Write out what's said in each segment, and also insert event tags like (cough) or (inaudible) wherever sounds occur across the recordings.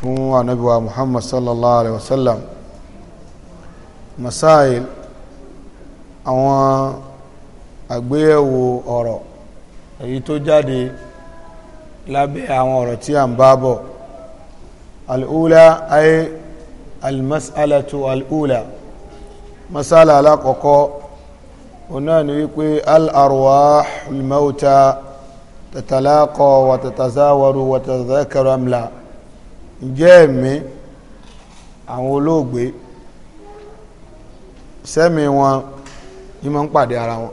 fún anabiwa muhammad sallallahu alaihi wasallam masail àwọn àgbéyẹ̀wò ọ̀rọ̀ èyí tó jáde lábẹ́ àwọn ọ̀rọ̀ tí a ń bá bọ̀ al'ula ay almas'alatu al'ula masala alákọ̀ọ́kọ́ ọ̀nà ni wípé al'arwah al-mauta wa tatazawaru wa tatazakaru ǹjẹ́ ẹ̀mí àwọn olóògbé sẹ́mi wọn ni máa ń pàdé ara wọn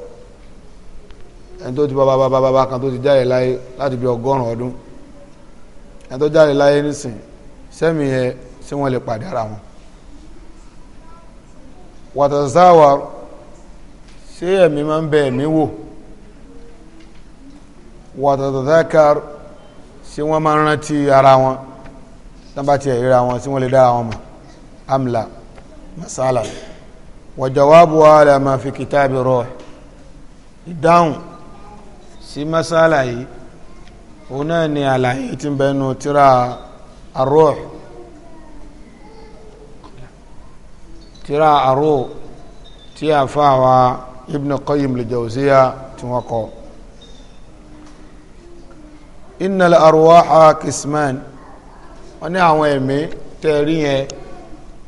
ẹni tó ti bàbá bàbá bàbá kan tó ti jáde láyé láti bí ọgọ́rùn-ún ọdún ẹni tó jáde láyé nísìn sẹ́mi yẹn sí wọn lè pàdé ara wọn wàtàsáwà ṣé ẹ̀mí máa ń bẹ ẹ̀mí wò wàtàsáwà ṣé wọ́n máa ń rántí ara wọn tán bá tiẹ̀ ríra wọn tí wọ́n lè dára wọn mọ̀ amla masala wa jawabu ala ma fi kitabi ruh ìdáhùn sí masala yìí òun náà ni àlàyé tí ń bẹnu tíra ar-ruh tíra ar a fa wa ibn qayyim al-jawziya tí wọ́n inna al-arwaha qisman wọ́n ní àwọn ẹ̀mí tẹ́ rí yẹn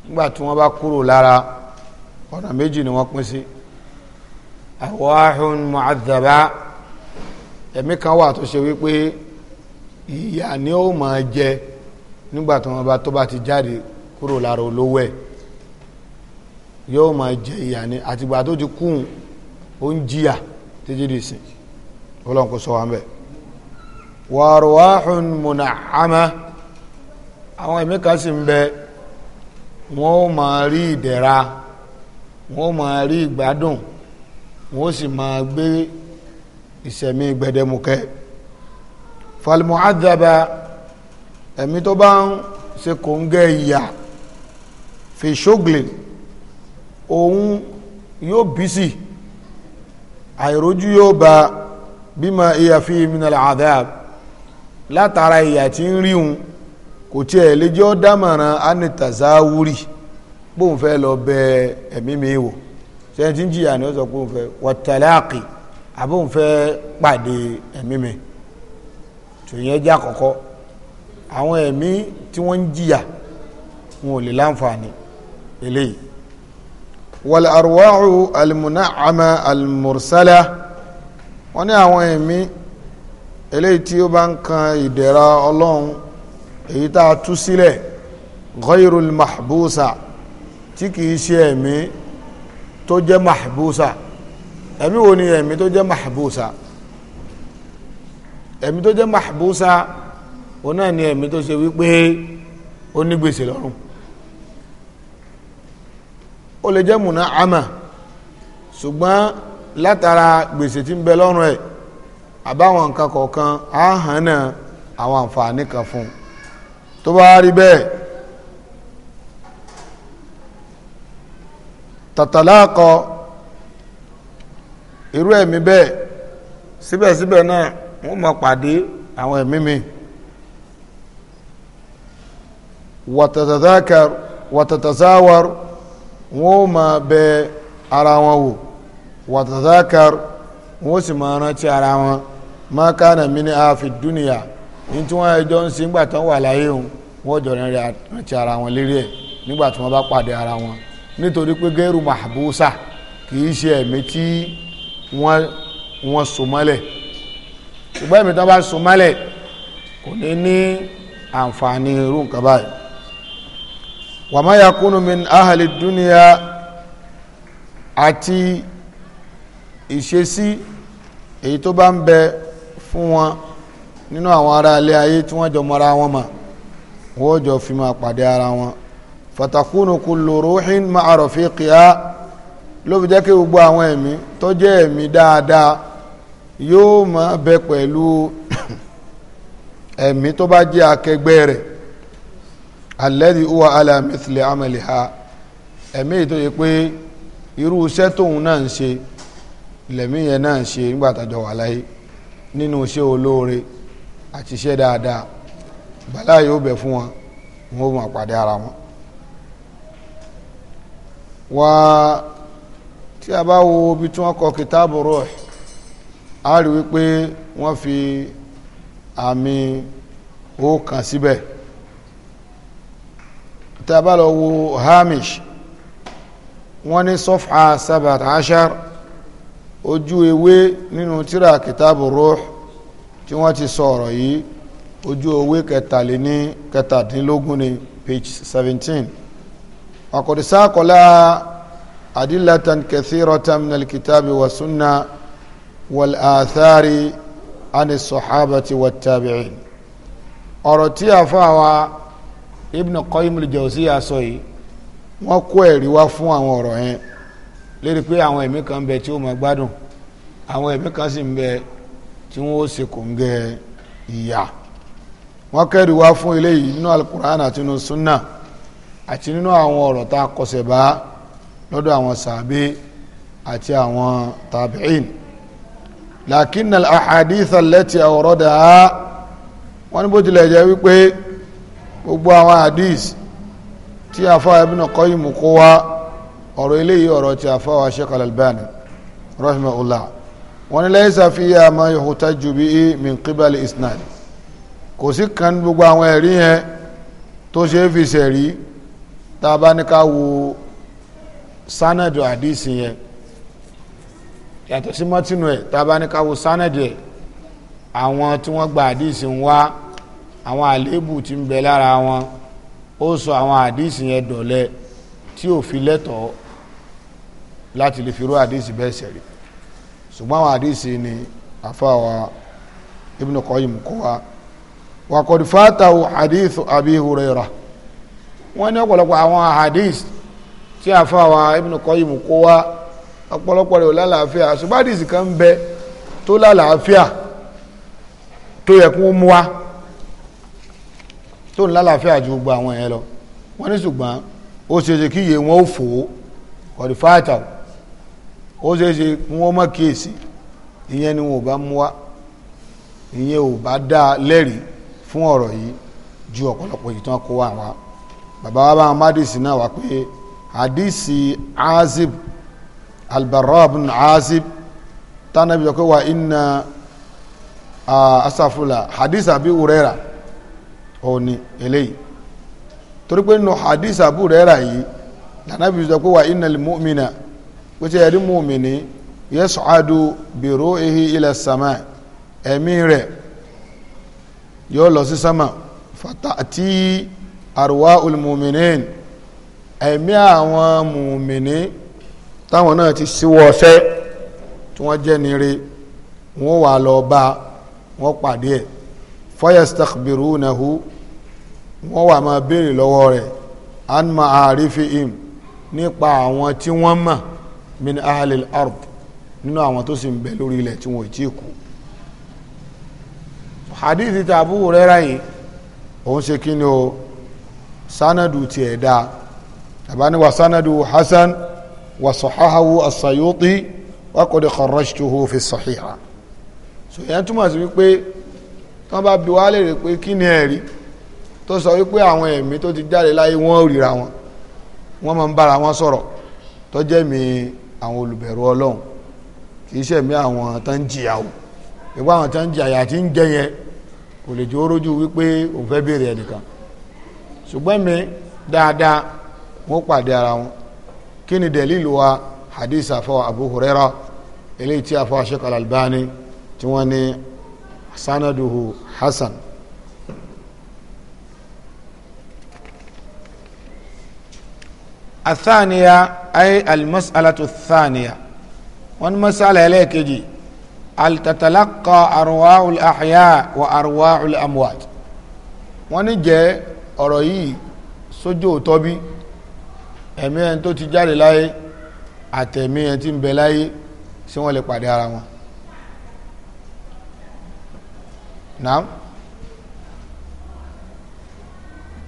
nígbà tí wọ́n bá kúrò lára ọ̀nà méjì ni wọ́n pín sí àwọ̀hún mọ̀ádàbá ẹ̀mí kan wà tó ṣe wípé ìyà ni ó máa jẹ nígbà tí wọ́n bá tó bá ti jáde kúrò lára olówó ẹ̀ yóò máa jẹ ìyà ni àtìgbà tó ti kún ó ń jìyà títí di ìsìn ọlọ́run kò sọ wa ń bẹ̀ wàrùwáhùn àwọn ẹ̀mí kan sì ń bẹ wọ́n ó máa rí ìdẹ̀ra wọ́n ó máa rí ìgbádùn wọ́n ó sì máa gbé ìṣẹ̀mí gbẹdẹmukẹ́ falmọ́ àdàbà ẹ̀mí tó bá ń ṣe kò ìyà fi òun yóò bísì àìrójú yóò bá bímọ ìyàfi minal adab látara ìyà tí ń ríhun kò tí ẹ̀ lè jọ́ dámàràn anitazawuri bóun fẹ́ lọ bẹ ẹ̀mí mi wò sẹ́yìn ń jìyà ni ó sọ pé òun fẹ́ wọ́tàláàkì àbóun fẹ́ pàdé ẹ̀mí mi tòyẹn jẹ́ àkọ́kọ́ àwọn ẹ̀mí tí wọ́n ń jìyà wọn ò lè láǹfààní eléyìí wal arwaahu almuna'ama almursala wọ́n ní àwọn ẹ̀mí eléyìí tí ó bá ń kan ìdẹ̀ra ọlọ́run èyí tá a tú sílẹ̀ ghayrul mahbusa tí kìí ṣe ẹ̀mí tó jẹ́ mahbusa ẹ̀mí wo ni ẹ̀mí tó jẹ́ mahbusa ẹ̀mí tó jẹ́ mahbusa òun náà ni ẹ̀mí tó ṣe wípé ó ní gbèsè lọ́rùn ó lè jẹ́ múná àmà ṣùgbọ́n látara gbèsè tí ń bẹ lọ́rùn ẹ̀ àbáwọn nǹkan kọ̀ọ̀kan á àwọn àǹfààní kan fún un tó bá rí bẹ́ẹ̀ tàtàláàkọ irú ẹ̀mí bẹ́ẹ̀ síbẹ̀síbẹ̀ náà wọ́n máa pàdé àwọn ẹ̀mí mi wàtàtàzákàr wàtàtàzáwàr wọ́n máa bẹ ara wọn wò wàtàtàzákàr wọ́n sì máa rántí ara wọn máa kánà mí ní àfi dúnìyà ní tí wọ́n ẹjọ́ ń ṣe nígbà tán wà láyé òun wọ́n jọ rẹ̀ rántí ara wọn lérí ẹ̀ nígbà tí wọ́n bá pàdé ara wọn nítorí pé gẹ́rù mahbusa kì í ṣe ẹ̀mí tí wọ́n wọ́n so mọ́lẹ̀ ṣùgbọ́n ẹ̀mí tí wọ́n bá so mọ́lẹ̀ kò ní ní àǹfààní irú nǹkan báyìí wa ma yakunu min ahli àti ìṣesí èyí tó bá ń bẹ fún wọn nínú àwọn ará ilé ayé tí wọ́n jọ mọ́ra wọn mà wọ́n jọ fi máa pàdé ara wọn fatakunu kullu ruhin ma'a rafiqiha ló fi jẹ́ kí gbogbo àwọn ẹ̀mí tó jẹ́ ẹ̀mí dáadáa yóò máa bẹ pẹ̀lú (coughs) ẹ̀mí tó bá jẹ́ akẹgbẹ́ rẹ̀ alladhi huwa ala mithli amaliha ẹ̀mí tó yẹ pé irú iṣẹ́ tóun náà ń ṣe lẹ̀mí yẹn náà ń ṣe nígbà tá wà láyé nínú iṣẹ́ olóore àti iṣẹ́ dáadáa bàlá yóò bẹ̀ fún wọn wọn ó máa pàdé ara wọn. wá tí a bá wo ibi tí wọ́n kọ kìtáàbù rọ̀ a rí wípé wọ́n fi àmì ọ̀kan síbẹ̀ tí a bá lọ wo hamish wọ́n ní sọ́fà sabat ashar ojú ewé nínú tírà kìtáàbù rọ̀ tí wọ́n ti sọ ọ̀rọ̀ yìí ojú owó kẹtàléní kẹtàdínlógún ni page seventeen akọ̀dísá kọlá adilatan kathiratan minal kitabi wa sunna wal athari ani sahabati wa tabi'in ọ̀rọ̀ tí a fà wá ibn qayyim al-jawziya sọ yìí kó ẹ̀rí wá fún àwọn ọ̀rọ̀ yẹn lérí pé àwọn ẹ̀mí kan bẹ tí ó máa gbádùn àwọn ẹ̀mí kan sì ń bẹ tí wọ́n ó ṣe kòǹgẹ́ ìyà wọ́n kẹ́rì wá fún eléyìí nínú alukur'an àti nínú sunna àti nínú àwọn ọ̀rọ̀ tá a kọsẹ̀ bá lọ́dọ̀ àwọn sàbẹ̀ àti àwọn tabi'in lakin al-ahadith allati awradaha wọ́n ní bó tilẹ̀ jẹ́ wípé gbogbo àwọn hadith tí afa Ibn Qayyim kó wá ọ̀rọ̀ eléyìí ọ̀rọ̀ tí afa wa Sheikh Al-Albani rahimahullah wọ́n ní lẹ́yìn sàfihàn àmọ́ ìhùtà jù bí i min qibali isnad kò sí kan gbogbo àwọn ẹ̀rí yẹn tó ṣe é fi ṣẹ̀rí tá a bá ní ká wo sanadu àdìsí yẹn yàtọ̀ sí mọ́tínú ẹ̀ tá a bá ní ká wo sanadu ẹ̀ àwọn tí wọ́n gba àdìsí ń wá àwọn àléébù tí ń bẹ lára wọn ó sọ àwọn àdìsí yẹn dọ̀lẹ́ tí ò fi lẹ́tọ̀ọ́ láti lè fi rú àdìsí bẹ́ẹ̀ ṣẹ̀rí ṣùgbọ́n àwọn àdìsí ni àfàwà Ibn Qayyim kó wa wà kò fàtàwù hadith Abi Huraira wọ́n ní ọ̀pọ̀lọpọ̀ àwọn hadith tí àfàwà Ibn Qayyim kó wa ọ̀pọ̀lọpọ̀ rẹ̀ ò lálàáfíà ṣùgbọ́n àdìsí kan ń bẹ tó lálàáfíà tó yẹ kó mú wa tó ń lálàáfíà ju gbogbo àwọn yẹn lọ wọ́n ní ṣùgbọ́n ó ṣe ṣe kíyè wọn ó fò ó kò fàtàwù ó ṣeé ṣe wọ́n mọ̀ kíyèsí ìyẹn ni wọn ò bá mú wá ìyẹn ò bá dá lẹ́rìí fún ọ̀rọ̀ yìí ju ọ̀pọ̀lọpọ̀ yìí tán kó wà wá bàbá wa bá wọn mádìsí náà wá pé hadisi azib albarra azib tánàbí sọ pé wà inna asafula hadisi abi urera òní eléyìí torí pé nù hadisi abu urera yìí tánàbí sọ pé wà inna al mu'mina pété ẹ̀rí mùmìnì yẹ́sùádù bèrò ehi ilẹ̀ sàmà ẹ̀mí rẹ̀ yóò lọ sí sàmà fata àti àrùwá olùmùmìnì ẹ̀mí àwọn mùmìnì táwọn náà ti síwọ́ ọ̀fẹ́ tí wọ́n jẹ́ nire wọ́n wà lọ bá wọ́n pàdé ẹ̀ fọ́yẹ̀sítàkbìrú nàhú wọ́n wà máa béèrè lọ́wọ́ rẹ̀ anma àrífi im nípa àwọn tí wọ́n mọ̀ min ahalil ard nínú àwọn tó sì ń bẹ lórí ilẹ̀ tí wọn ò tí ì kú hadithi ta Abu Hurairah yìí òun ṣe kí ni o sanadu tiẹ̀ dáa tabani wa sanadu hasan wa sahahahu asayuti wa kodi kharajtuhu fi sahiha so yẹn túmọ̀ sí wípé tán bá bi wá léèrè pé kí ni ẹ̀rí tó sọ wípé àwọn ẹ̀mí tó ti jáde láyé wọ́n ríra wọn wọ́n máa ń bára wọn sọ̀rọ̀ tó jẹ́ mi àwọn olùbẹ̀rù ọlọ́run kì í ṣẹ̀mí àwọn tó ń jìyà o ìwọ àwọn tó ń jìyà yà tí ń jẹ yẹn kò lè jẹ́ orójú wípé òun fẹ́ béèrè ẹnìkan ṣùgbọ́n mi dáadáa wọ́n pàdé ara wọn kí ni dẹ̀lílù wa hadith afọ Abu eléyìí tí afọ Sheikh al tí wọ́n ní sanaduhu hasan athaniya ay almasalatu athaniya wọn masala ẹlẹ́ẹ̀kejì altatalaqa arwaul ahya wa arwaul amwat wọn ní jẹ́ ọ̀rọ̀ yìí sójú òótọ́ bí ẹ̀mí ẹni tó ti jáde láyé àtẹ̀mí ẹni tí ń bẹ láyé sí wọ́n lè pàdé ara wọn naam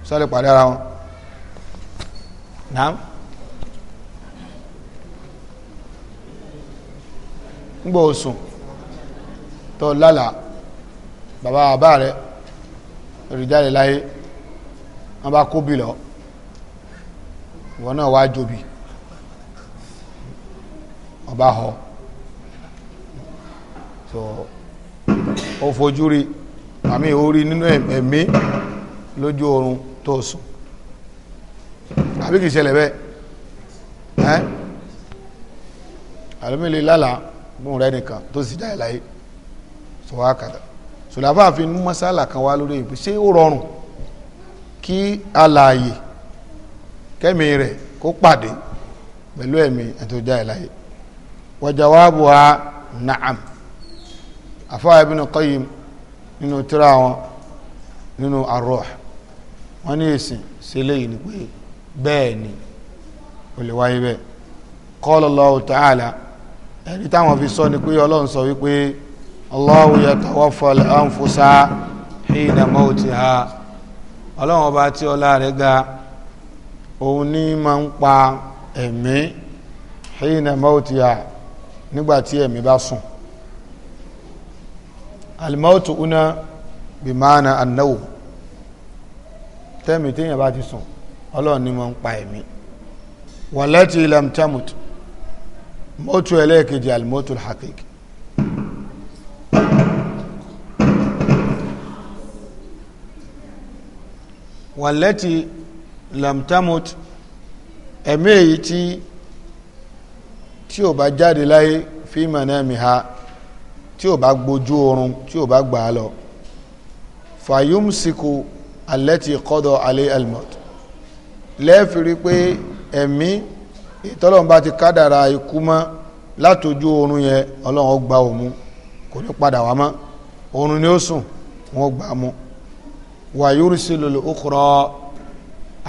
sọ lè pàdé ara wọn naam. nígbà òsùn tó lálà bàbá bàbá rẹ̀ lórí jáde láyé wọ́n bá kóbi lọ ìwọ náà wá jobi ọba họ so ó fojú rí àmì orí nínú ẹ̀mí lójú oorun tó sùn àbí kìí bẹ́ẹ̀ ẹ́ lálàá mú rẹ nìkan tó sì jáde láyé sọ wá kàdà sùlàfà àfi mú masala kan wá lórí ìpín ṣé ó rọrùn kí alààyè kẹ́mi rẹ̀ kó pàdé pẹ̀lú ẹ̀mí ẹ̀tọ́ jáde láyé wa jawabuha na'am àfáà Ibn Qayyim nínú tírà wọn nínú ar wọn ní èsìn sí eléyìí ni pé bẹ́ẹ̀ ni ò wáyé bẹ́ẹ̀ qala Allahu ta'ala ẹ̀rí táwọn fi sọ ni pé ọlọ́run sọ wípé Allahu yatawaffal anfusa hina mawtiha ọlọ́run ọba tí ọlá rẹ̀ ga òun ní máa ń pa ẹ̀mí hina mawtiha nígbà tí ẹ̀mí bá sùn alimọ́tò una bimana anáwó tẹ́mi téèyàn bá ti sùn ọlọ́run ní máa ń pa ẹ̀mí wàlẹ́tì lam tamut mọ́tò ẹlẹ́ẹ̀kejì alimotul hakiki wàlẹ́tì lamtamut ẹ̀mí èyí tí tí ò bá jáde láyé fi manami ha tí ò bá gbójú oorun tí ò bá gbà á lọ fayumsiku alẹ́tì kọ́dọ̀ alẹ́ alimọ́tò lẹ́ẹ̀fì pé ẹ̀mí ìtọ́lọ́run bá ti kádàrà ikú mọ́ látọjú oorun yẹn ọlọ́run ó gba òun kò ní padà wá mọ́ oorun ni ó sùn wọ́n gbà mú wàyúrú sí lòlò ókùrọ̀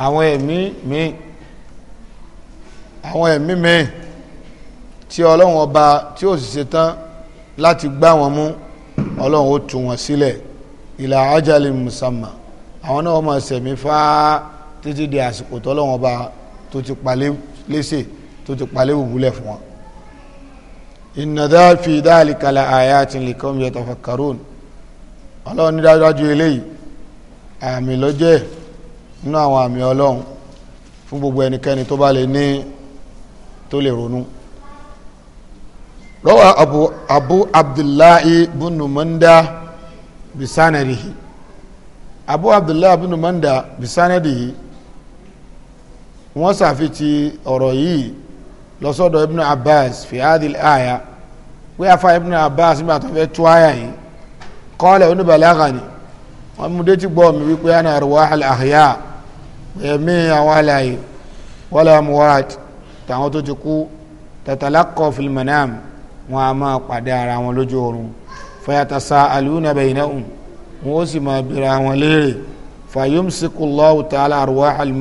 àwọn ẹ̀mí mi àwọn ẹ̀mí mi tí ọlọ́run ọba tí ó sì ṣe tán láti gbá wọn mú ọlọ́run ó tú wọn sílẹ̀ ìlà ajali musamma àwọn náà wọ́n máa ṣẹ̀mí fáá títí di àsìkò tọ́lọ́run ọba tó ti palẹ́ léṣe tó ti palẹ́ òbúlẹ̀ fún wọn. ìnàdá fi dáàlì kalẹ̀ àyà àti nìkan yẹ tọfà karun ọlọ́run ní dájúdájú eléyìí àmì lọ́jẹ́ nínú àwọn àmì ọlọ́run fún gbogbo ẹnikẹ́ni tó bá lè ní tó lè ronú. rọ́wà abu abu abdullahi bunu manda bisanarihi abu abdullahi bunu manda bisanarihi wọ́n ṣàfitì ọ̀rọ̀ yìí lọ́sọ̀dọ̀ ibn abbas fi adil aya pé afa ibn abbas nígbà tó fẹ́ tú aya yìí kọ́lẹ̀ oníbàlágà ni wọ́n mú dé ti gbọ́ mi wípé ana arwah al ahya ẹ̀mí àwọn àlàyé wala muwat tàwọn tó ti kú tatalaqqa fil manam wọn a máa pàdé ara wọn lójú oorun fayatasaaluna baynahum wọn ó sì máa bèèrè àwọn léèrè fayumsikullahu ta'ala arwah al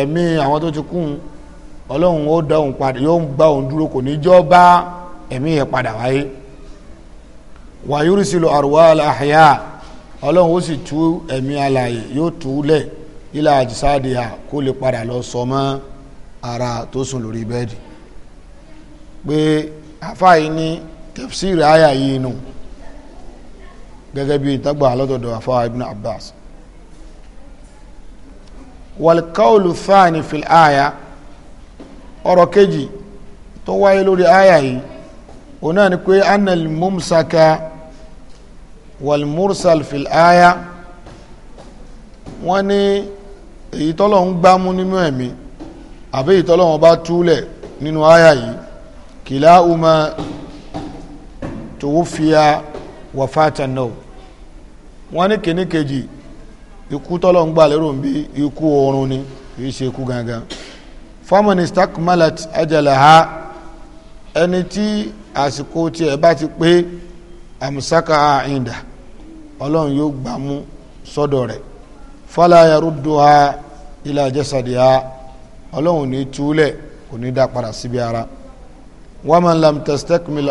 ẹ̀mí àwọn tó ti kún ọlọ́run ó dá òun padà yóò gbá òun dúró kò ní jọ́ bá ẹ̀mí yẹn padà wáyé wàyúrísìlò àrùwá àlàáhíyá ọlọ́run ó sì tú ẹ̀mí alààyè yóò tú lẹ̀ ilà àjísáàdìyà kó lè padà lọ sọ ara tó sùn lórí bẹ́ẹ̀dì pé àfáàyí ní tafsir àyà yìí nù gẹ́gẹ́ bí ìtagbà alọ́dọ̀dọ̀ àfáà Ibn Abbas wàlkáwùlù thani fil aya ọ̀rọ̀ kejì tó wáyé lórí aya yìí òun náà ni pé anal mumsaka walmursal fil aya wọ́n ní èyí tọ́lọ̀ ń gbámú nínú ẹ̀mí àbí èyí tọ́lọ̀ wọn bá túlẹ̀ nínú aya yìí kìlá uma tòwúfìyà wàfàtà náà wọ́n ní kìíní kejì ikú tọ́lọ̀ ń gbà lérò ń bí ikú oorun ni kìí ṣe ikú gangan fọ́mọ̀nì stakmalat ajalaha ẹni tí àsìkò tiẹ̀ bá ti pé àmùsáka àìndà ọlọ́run yóò gbà mú sọ́dọ̀ rẹ̀ fala yarudduha ila jasadiha ọlọ́run ní túlẹ̀ kò ní dá padà síbi ara waman lam tastakmil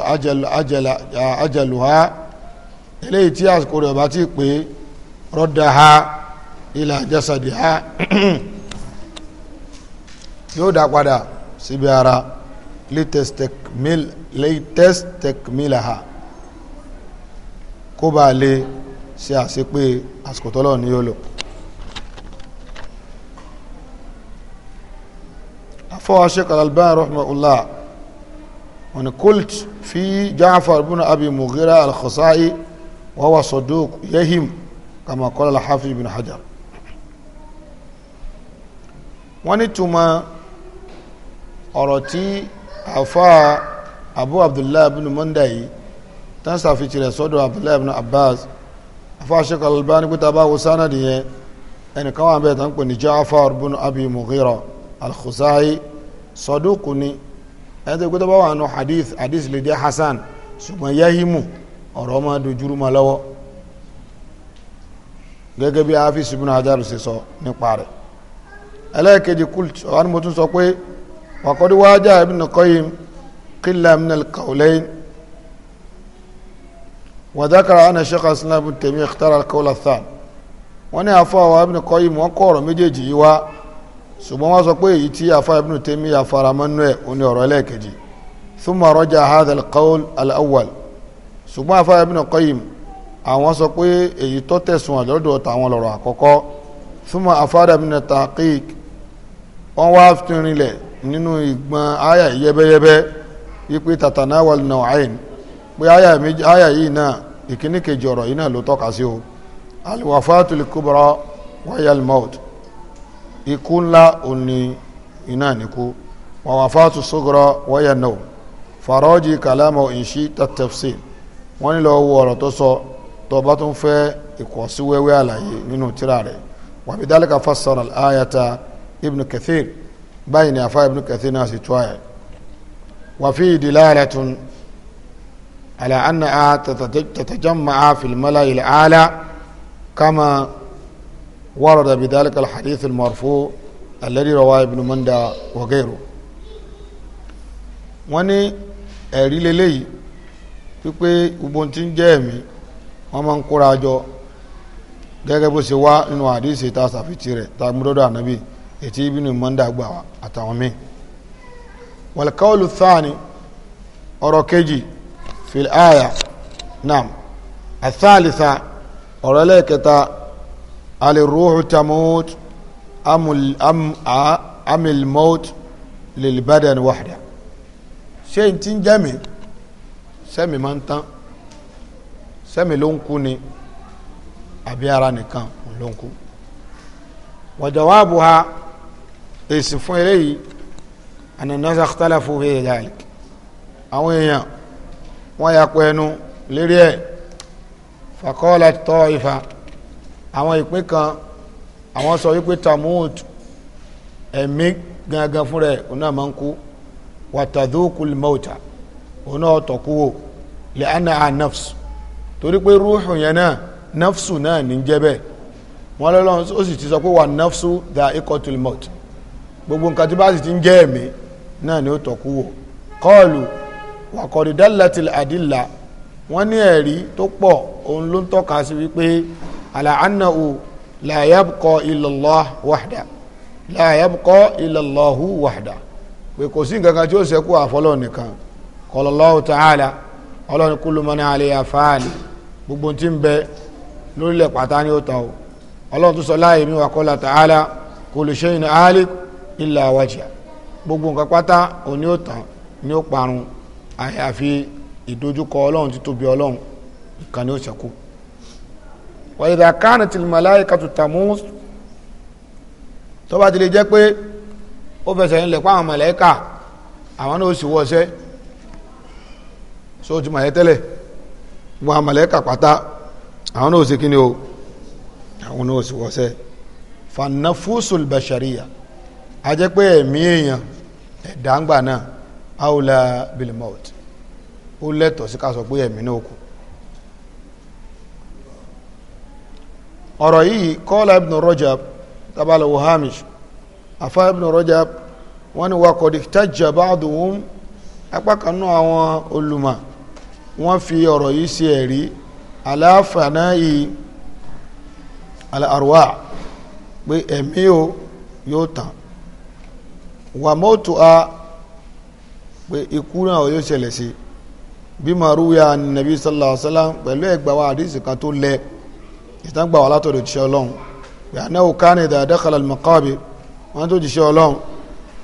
ajaluha eléyìí tí àsìkò rẹ̀ bá ti pé rọ́dà ha ilà jasadi ha yóò dá padà síbi ara latest tekmila ha kó bá lè ṣe àṣepé àsìkò tọ́lọ̀ ní yóò lò afọ́wà sheik al-albani rahimahullah wani kult fi ja'far bin abi mughira al-khusai wa huwa saduq yahim kama qala al-hafiz ibn hajar wọ́n ní túmọ̀ ọ̀rọ̀ tí àfa abu abdullahi bin munda yìí tán sàfihàn rẹ̀ sọ́dọ̀ abdullahi bin abbas afa sheikh albani pé taba wosana nìyẹn ẹnìkan wà bẹ́ẹ̀ tán pè ní jaafar bin abi mughira alkhuzai sọdúkù ni ẹni tó gbé tó bá wà nù hadith hadith lè dé hasan ṣùgbọ́n yahimu ọ̀rọ̀ máa dojúrú ma lọ́wọ́ gẹ́gẹ́ bí afi subinu hajaru ṣe sọ nípa rẹ̀ ẹlẹ́ẹ̀kejì kult ọ̀hán ni mo tún sọ pé wàkọ́dí wájà Ibn Qayyim qilla min al-qawlayn wa dhakara anna Shaykh al-Islam ibn Taymiyyah ikhtara al-qawl ath-thani wọ́n ní afọ àwọn Ibn Qayyim wọ́n kọ́ ọ̀rọ̀ méjèèjì yìí wá ṣùgbọ́n wọ́n sọ pé èyí tí afọ Ibn Taymiyyah faramọ́nú ẹ̀ òní ọ̀rọ̀ ẹlẹ́ẹ̀kejì thumma raja hadha al wọ́n wá fìrìnlẹ̀ nínú ìgbọ́n àyà yẹ́bẹ́yẹ́bẹ́ wípé tàtàná wà nà àyìn pé àyà yìí náà ìkíní kejì ọ̀rọ̀ yìí náà ló tọ́ka sí o aliwafatul kubra wayal maut ikú ńlá òní iná nìkú wàwàfatu sugra wayal nau farọ́jì kàlámà ìṣí tàtẹ̀fsìn wọ́n ní lọ́wọ́ ọ̀rọ̀ tó sọ tó bá tún fẹ́ ìkọ̀síwẹ́wẹ́ àlàyé nínú tírà rẹ̀ wàbí dálíkà fassara al ibn kathir báyìí ni afa ibn kathir náà sì tó ayẹ wà fi dilalatun ala anna tatajamma'a fil mala'i al-a'la kama ورد بذلك الحديث المرفوع الذي رواه ابن مندى وغيره wọ́n ní ẹ̀rí leléyìí wípé gbogbo tí ń jẹ́ ẹ̀mí wọ́n máa ń kóra jọ gẹ́gẹ́ bó ṣe wá nínú àdíṣe tá a ṣàfitì rẹ̀ tá a mú dọ́dọ̀ ànábì ètí ibinu mọ́ndà gbà wá àtàwọn míì wàlkọ́ọ̀lù thani ọ̀rọ̀ kejì fil aya nam athalitha ọ̀rọ̀ lẹ́ẹ̀kẹta aliruhu tamut amil maut lilbadan wahda ṣé n ti ń jẹ́mi sẹ́mi máa ń tán sẹ́mi ló ń kú ni àbí ara nìkan ló ń kú wa jawabuha èsì fún eléyìí ànànàṣà tálàfù hẹ́ẹ̀ dàlí àwọn èèyàn wọ́n ya pẹ́ ẹnu lérí ẹ̀ fàkọ́ọ̀lá tọ́ ìfà àwọn ìpín kan àwọn sọ wípé tamud ẹ̀mí gangan fúnra ẹ̀ òun náà máa ń kú wàtàdúkùl mọ́ta òun náà tọ̀ kú wò lẹ́ánà à torí pé rúùhù yẹn náà nafsu náà ní jẹ́ bẹ́ẹ̀ wọ́n lọ́lọ́run ó sì ti sọ pé wà nafsu dà ikọ̀tul mọ́ta gbogbo nǹkan tó bá sì ti ń jẹ́ ẹ̀mí náà ni ó tọ̀kú wò kọ́ọ̀lù wàkọ̀dì dálẹ́tìlì àdìlà wọ́n ní ẹ̀rí tó pọ̀ òun ló ń tọ́ka sí wípé àlàánàwò làyàbùkọ illallah wahda làyàbùkọ illallahu wahda pé kò sí nǹkan kan tí ó ṣẹ́kù àfọlọ́ nìkan kọlọ́lọ́hù ta'ala ọlọ́run kúlù mọ́ni àlẹ́yà gbogbo tí ń bẹ lórílẹ̀ pátá ni ó ta o ọlọ́run tó sọ láàyè mi wà kọ́lá ta'ala kò lè ṣe ìnáhálì ilà wájà gbogbo nǹkan pátá òní ó tán ní ó parun àyàfi ìdojúkọ ọlọ́run títóbi ọlọ́run nìkan ni ó ṣẹ́kù wa idha kanatil malaikatu tamus tó bá ti lè jẹ́ pé ó fẹsẹ̀ ńlẹ̀ pé àwọn màláíkà àwọn náà ó sì wọ́ṣẹ́ so ti màlẹ́ tẹ́lẹ̀ gbogbo àwọn màláíkà pátá àwọn náà ó sì kí ni o àwọn náà ó sì wọ́ṣẹ́ fanafusul bashariya a jẹ́ pé ẹ̀mí èèyàn ẹ̀dá ń gbà náà aula bilimot ó lẹ́tọ̀ọ́ sí ká sọ pé ẹ̀mí náà kù ọ̀rọ̀ yìí kọ́lá ibn rajab tabalawo hamish afa ibn rajab wọ́n ní wakọ̀ di tajà ba'duhum apá kan náà àwọn olùmọ̀ wọ́n fi ọ̀rọ̀ yìí sí ẹ̀rí aláfààná yìí al pé ẹ̀mí o yóò tán wà mọ́tò a pé ikú náà yóò ṣẹlẹ̀ sí bí maruya nàbí sallallahu alaihi wasallam pẹ̀lú ẹgbà wa àdìsí kan tó lẹ ìtàgbà wà látọ̀dọ̀ jíṣẹ́ ọlọ́run pé anáwó kánì dáadáa kalal wọn tó jíṣẹ́ ọlọ́run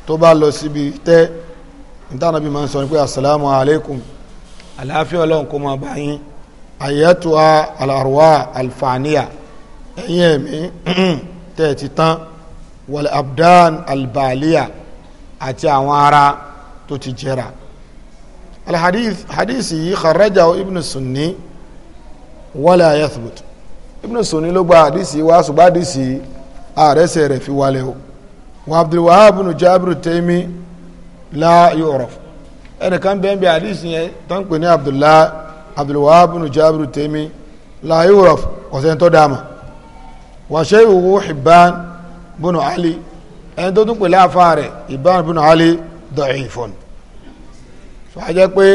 tó bá lọ síbi tẹ́ ìtànà bí máa ń sọ pé asalaamu alaykum àlàáfíà ọlọ́run kó máa bá yín àyẹ̀tò àlàrúwà alfàníà ẹ̀yìn ẹ̀mí (clears throat) tẹ̀ ti tán wal abdan albaliya àti àwọn ara tó ti jẹrà alhadith hadisi yìí kharaja ibn sunni wala yathbut ibn sunni ló gba hadisi wa ṣùgbọ́n hadisi àrẹsẹ̀ rẹ̀ fi wálẹ̀ o wa abdulwahab ibn jabir taimi la yu'raf ẹnìkan bẹ́ẹ̀ bí hadisi yẹn tó ń pè ní abdulwahab ibn jabir taimi la yu'raf ọ̀sẹ̀ tó dáa mọ̀ wàṣẹ́ ìwòwò hibban bunu ali ẹni tó tún pèlè afa rẹ̀ Ibrahim bin Ali da'ifun so a jẹ́ pé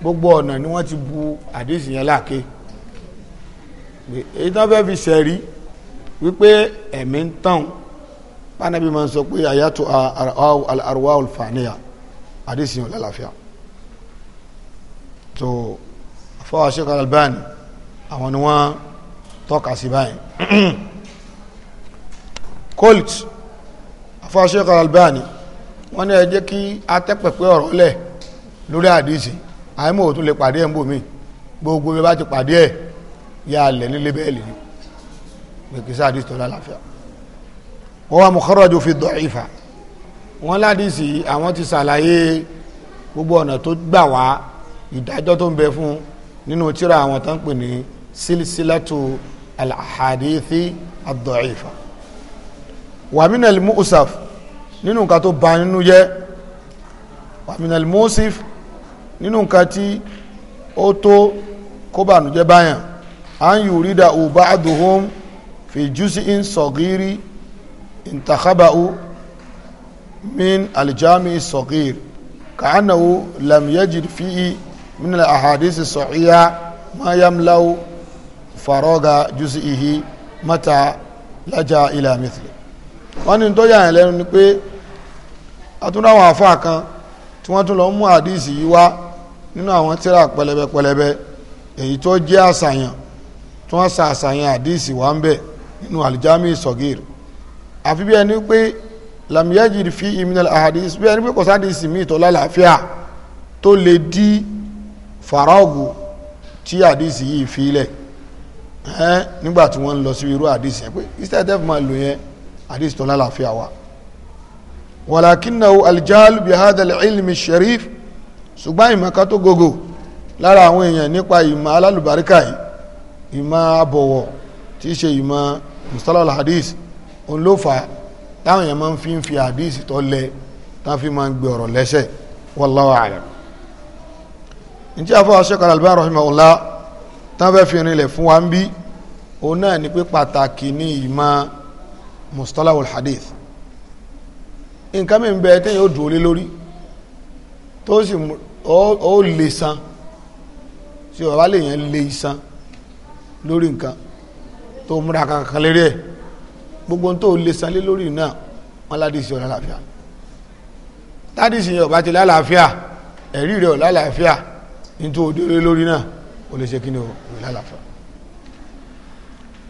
gbogbo ọ̀nà ni wọ́n ti bu àdéhùn yẹn láàké èyí tó fẹ́ fi sẹ̀rí wípé ẹ̀mí ń tán pànàbí máa ń sọ pé àyàtò àrùwá olùfàníyà àdéhùn yẹn lálàáfíà so fọwọ́ Sheikh Al-Albani àwọn ni wọ́n tọ́ka sí báyìí colt (clears throat) afáṣẹ́kọ̀ Albani wọ́n ní ẹ jẹ́ kí atẹ́pẹ̀pẹ́ ọ̀rọ̀ lẹ̀ lórí àdìsí àìmọ̀ òtún lè pàdé ẹ̀ ń bò mí gbogbo bí bá ti pàdé ẹ̀ yà á lẹ̀ nílé bẹ́ẹ̀ lè ní gbèkì sí àdìsí tó lálàáfíà wọ́n wá mukharraju fi da'ifa wọ́n ládìsí àwọn ti ṣàlàyé gbogbo ọ̀nà tó gbà wá ìdájọ́ tó ń bẹ fún nínú tíra àwọn tó ń pè ní sílísílátù al-ahadithi ad wàmínàlì musaf nínú nǹkan tó ba nínú jẹ́ wàmínàlì musif nínú nǹkan tí ó tó kó bànújẹ́ báyàn à ń yùrí da ọba àdùhùn fi jùsí in sọ̀gírí ìntàkábàú min aljami sọ̀gír kàánàwó làmìyẹ́jì fíì min àhàdísì sọ̀íyá mayamláwó faroga jùsí ìhí mata lájà ilà mithli wọ́n ní tó yà yẹn lẹ́nu ni pé atúndáwọn àfáà kan tí wọ́n tún lọ mú àdìsí yìí wá nínú àwọn tíra pẹlẹbẹ pẹlẹbẹ èyí tó jẹ́ àṣàyàn tí wọ́n sa àṣàyàn àdìsí wá ń bẹ̀ nínú alijami sọ̀gìr àfi bí ẹni pé lamiyaji fi imina ahadis bí ẹni pé kò sádìsí mi tó lálàáfíà tó lè di faragu tí àdìsí yìí fi lẹ̀ ẹ́ nígbà tí wọ́n lọ sí irú àdìsí yẹn pé instead ẹ̀ fi lò yẹn hadith tó lálàáfíà wa wàlàkínàwó aljalu bi hadal ilmi sharif ṣùgbọ́n ìmọ̀ká tó gogo lára àwọn èèyàn nípa ìmọ̀ alálùbáríkà yìí ìmọ̀ abọ̀wọ̀ tí í ṣe ìmọ̀ mustalahul hadith òun ló fà á táwọn èèyàn máa ń fi ń fi hadith tó lẹ tán fi máa ń gbé ọ̀rọ̀ lẹ́sẹ̀ wallahu a'lam ntí afọ aṣọ́kàlà albani rahimahullah tán fẹ́ fi rinlẹ̀ fún wa ń bí òun náà ní pé pàtàkì ní ìmọ̀ mustalahul hadith nǹkan mi ń bẹ téèyàn ó dúró lé lórí tó sì ó lè san tí ọba lè yàn lè san lórí nǹkan tó múra kankan lérí ẹ gbogbo tó lè san lé lórí náà wọn ládìsí ọ̀la àlàáfíà ládìsí yẹn ọba ti lálàáfíà ẹ̀rí rẹ̀ ọ̀la àlàáfíà nítorí òdòdó lórí náà ó lè ṣe kí ni ó lálàáfíà.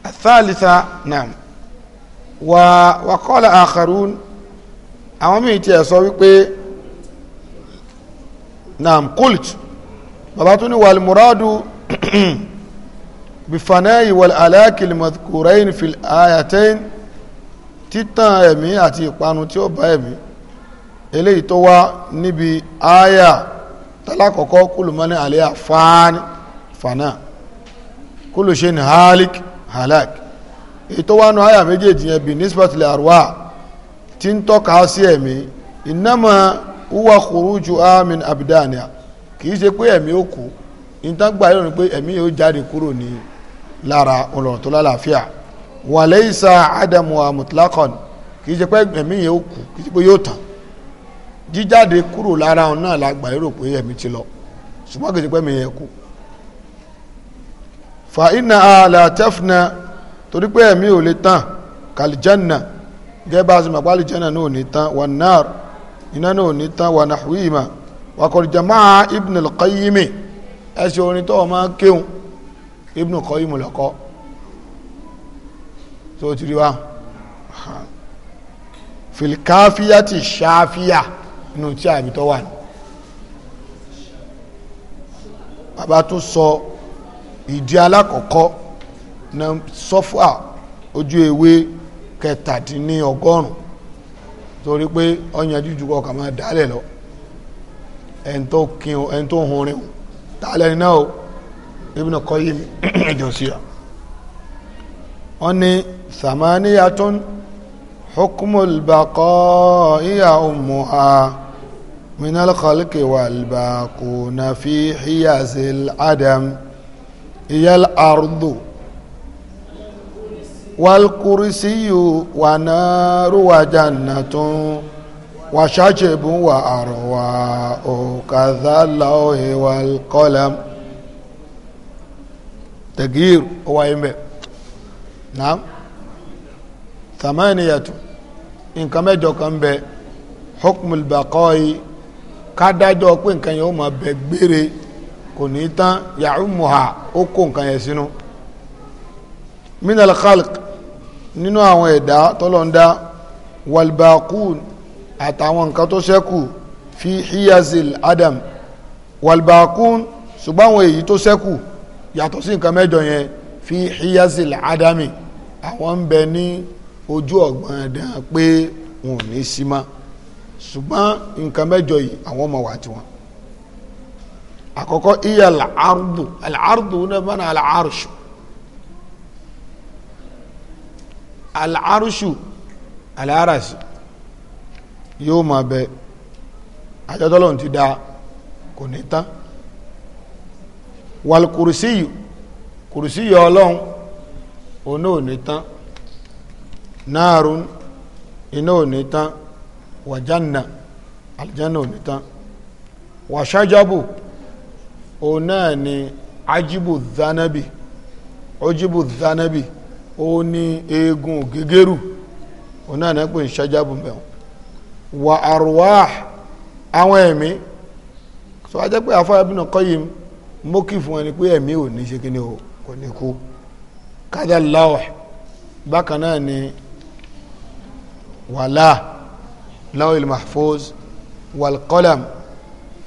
الثالثة نعم wà wàkọ́lá àkàrún àwọn míì tiẹ̀ sọ wípé naam kult bàbá tún ní wàl muradu (clears throat) bifanayi wàl alákìlì madhkurayn fil ayatain títàn ẹ̀mí àti ìpanu tí ó bá ẹ̀mí eléyìí tó wá níbi aya tálákọ̀ọ́kọ́ kúlùmọ́ni àlẹ́ àfáàní fana kúlù ṣe ní halik halak ètò wa nu àyà méjèèjì yẹn bí nísbàtìlẹ̀ àrùwá tí ń tọ́ka sí ẹ̀mí ìnáma wúwa khuruju amin abidania kì í ṣe pé ẹ̀mí ó kú ìtàgbà yóò ní pé ẹ̀mí yóò jáde kúrò ní lára ọlọ́run tó lálàáfíà wàlẹ́yìísá ádámù àmùtlákọ̀n kì í ṣe pé ẹ̀mí yẹn ó kú kì í ṣe pé yóò tán jíjáde kúrò lára òun náà la gbà lérò pé ẹ̀mí ti lọ ṣùgbọ́n kì í ṣe pé ẹ̀mí yẹn kú. fa iná àlàtẹ́fúnà torí pé ẹ̀mí ò lè tán kàlìjánà gẹ́gẹ́ bá a sì mọ̀ pé àlìjánà náà ò ní tán wà náà iná náà ò ní tán wà náà wíìmà wà kọ̀rìjàmá ibn al-qayyim ẹ̀sìn orin tó wọ́n máa ń kéwòn ibn al-qayyim lọ́kọ́ tó ti rí wa filikafiya ti ṣaafiya inú tí àmì tó wà ní bàbá tó sọ ìdí alákọ̀ọ́kọ́ sọ́fà ojú ewé kẹtàdínlọ́gọ́rùn torí pé ọ̀yanjú jù kọ́ kà máa dálẹ̀ lọ ẹni tó kin o ẹni tó hunrin o tààlẹ́ ni náà o Ibn Qayyim al-Jawziyya wọ́n ní samaniyatun hukmul baqa'iya ummuha minal khalqi wal baquna fi hiyazil adam iyal ardu. والكرسي ونار وجنة وشجب وأرواء كذا اللوح والقلم تغيير هو إمبي نعم ثمانية إن كما جو كان بي حكم البقاء kádájọ́ pé nǹkan yẹn ó máa bẹ gbére kò ní tán ya'umuha ó kó nǹkan yẹn sínú minal khalq nínú àwọn ẹ̀dá tọ́lọ̀ ń dá walbaqun àtàwọn nǹkan tó ṣẹ́kù fi hiyazil adam walbaqun ṣùgbọ́n àwọn èyí tó ṣẹ́kù yàtọ̀ sí nǹkan mẹ́jọ yẹn fi hiyazil adami àwọn ń bẹ ní ojú ọ̀gbọ̀n dán pé wọn ò ní sí mọ́ ṣùgbọ́n nǹkan mẹ́jọ yìí àwọn ọmọ wà tiwọn àkọ́kọ́ iya al al-ardu náà bá al-arshu al-arṣu al-araṣ yóò máa bẹ àjọtọ́lọ́run ti da kò ní tán wal kùrùsíyù kùrùsíyù ọlọ́run òun náà ò ní tán náàrún iná ò ní tán wàjánà àlìjánà ò ní tán wàṣájábù òun náà ni ajibu zanabi ojibu zanabi ó ní eegun gègéru òun náà nàpọ̀ ìṣẹ́jábù mẹ́wọ̀n wà àrùwá àwọn ẹ̀mí sọ ajẹ́ pé afọ́ ẹbí náà kọ́yìm mókì fún ẹni pé ẹ̀mí ò ní ṣe kí ni kò ní kú kájà láwà bákan náà ni wàlá lawil mahfuz walqalam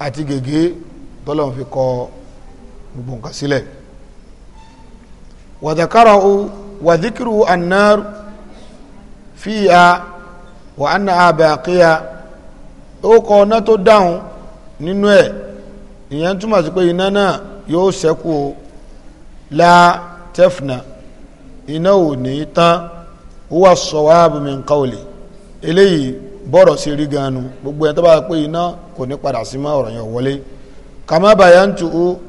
àti gègé tọ́lọ́n fi kọ gbogbo nǹkan sílẹ̀ wàdàkárà ó وذكر النار فيها وأنها باقية ó kọ ọ̀nà tó dáhùn nínú ẹ̀ ìyẹn túmọ̀ sí pé iná náà yóò ṣẹ́kù o la tefna iná ò ní tán huwa sawab min qawli eléyìí bọ́rọ̀ sí rí ganu gbogbo ẹ̀ tó bá pé iná kò ní padà sí mọ́ ọ̀rọ̀ yẹn wọlé kàmá bayantu o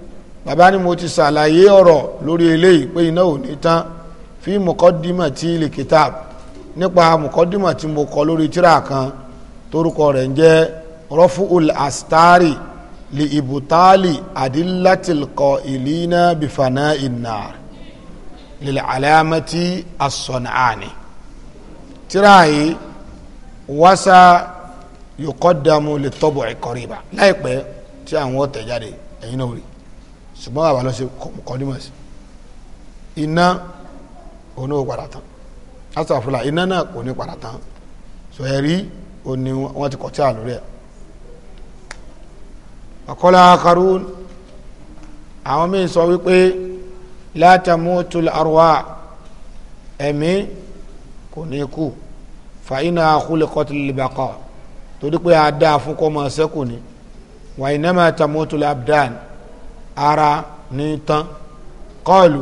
bàbá ni mo ti ṣàlàyé ọ̀rọ̀ lórí eléyìí pé iná ò ní tán fi mọ̀kọ́dímà tí lè kitab nípa mọ̀kọ́dímà tí mo kọ lórí tíra kan torúkọ rẹ̀ ń jẹ́ rọ́fúul astari li ibutali adilatil qailina bifana inar lil alamati as-sanani tíra yìí wasa yòkọ́dàmú lè tọ́bọ̀ ẹ̀kọ́rìbà láìpẹ́ tí àwọn ọ̀tẹ̀ jáde ẹ̀yin náà rí ṣùgbọ́n àbálọ́sẹ̀ mọ̀kọ́dímà sí iná òun náà padà tán asàfùlà iná náà kò ní padà tán sọ ẹ̀rí òun ni wọ́n ti kọ̀ tí àlù rẹ̀ ọ̀kọ́lá karun àwọn míì sọ wípé látàmútul arwa ẹ̀mí kò ní kú fàyínà khuliqatil libaqa torí pé a dáa fún kọ́ máa ṣẹ́kù ni wàyínàmà tàmútul abdan ara ní tán kọ́ọ̀lù